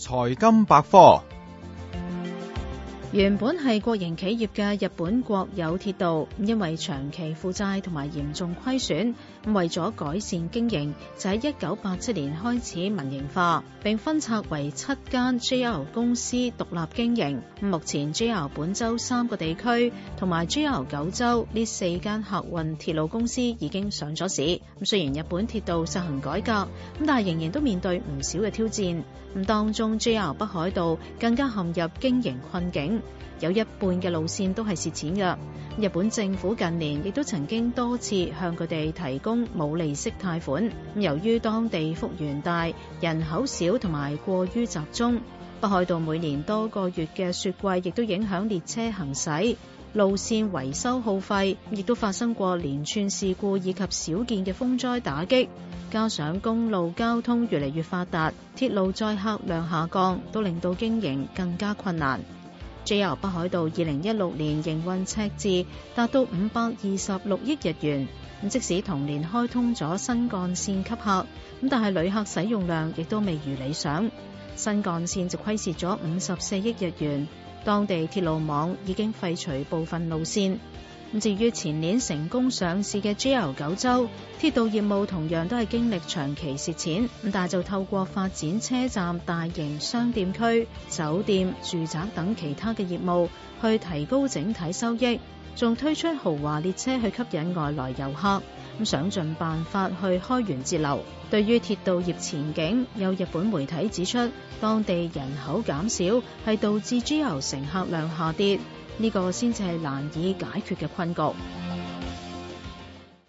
財經百科。原本係國營企業嘅日本國有鐵道，因為長期負債同埋嚴重虧損，為咗改善經營，就喺一九八七年開始民營化，並分拆為七間 JR 公司獨立經營。目前 JR 本州三個地區同埋 JR 九州呢四間客運鐵路公司已經上咗市。雖然日本鐵道實行改革，但係仍然都面對唔少嘅挑戰。當中 JR 北海道更加陷入經營困境。有一半嘅路線都係蝕錢㗎。日本政府近年亦都曾經多次向佢哋提供冇利息貸款。由於當地幅員大，人口少同埋過於集中，北海道每年多個月嘅雪季亦都影響列車行駛、路線維修耗費，亦都發生過連串事故以及少見嘅風災打擊。加上公路交通越嚟越發達，鐵路載客量下降，都令到經營更加困難。JR 北海道二零一六年營運赤字達到五百二十六億日元，咁即使同年開通咗新幹線吸客，咁但係旅客使用量亦都未如理想，新幹線就虧蝕咗五十四億日元，當地鐵路網已經廢除部分路線。至於前年成功上市嘅 JR 九州鐵道業務，同樣都係經歷長期蝕錢，但係就透過發展車站大型商店區、酒店、住宅等其他嘅業務去提高整體收益，仲推出豪華列車去吸引外來遊客，咁想盡辦法去開源節流。對於鐵道業前景，有日本媒體指出，當地人口減少係導致 JR 乘客量下跌。呢個先至係難以解決嘅困局。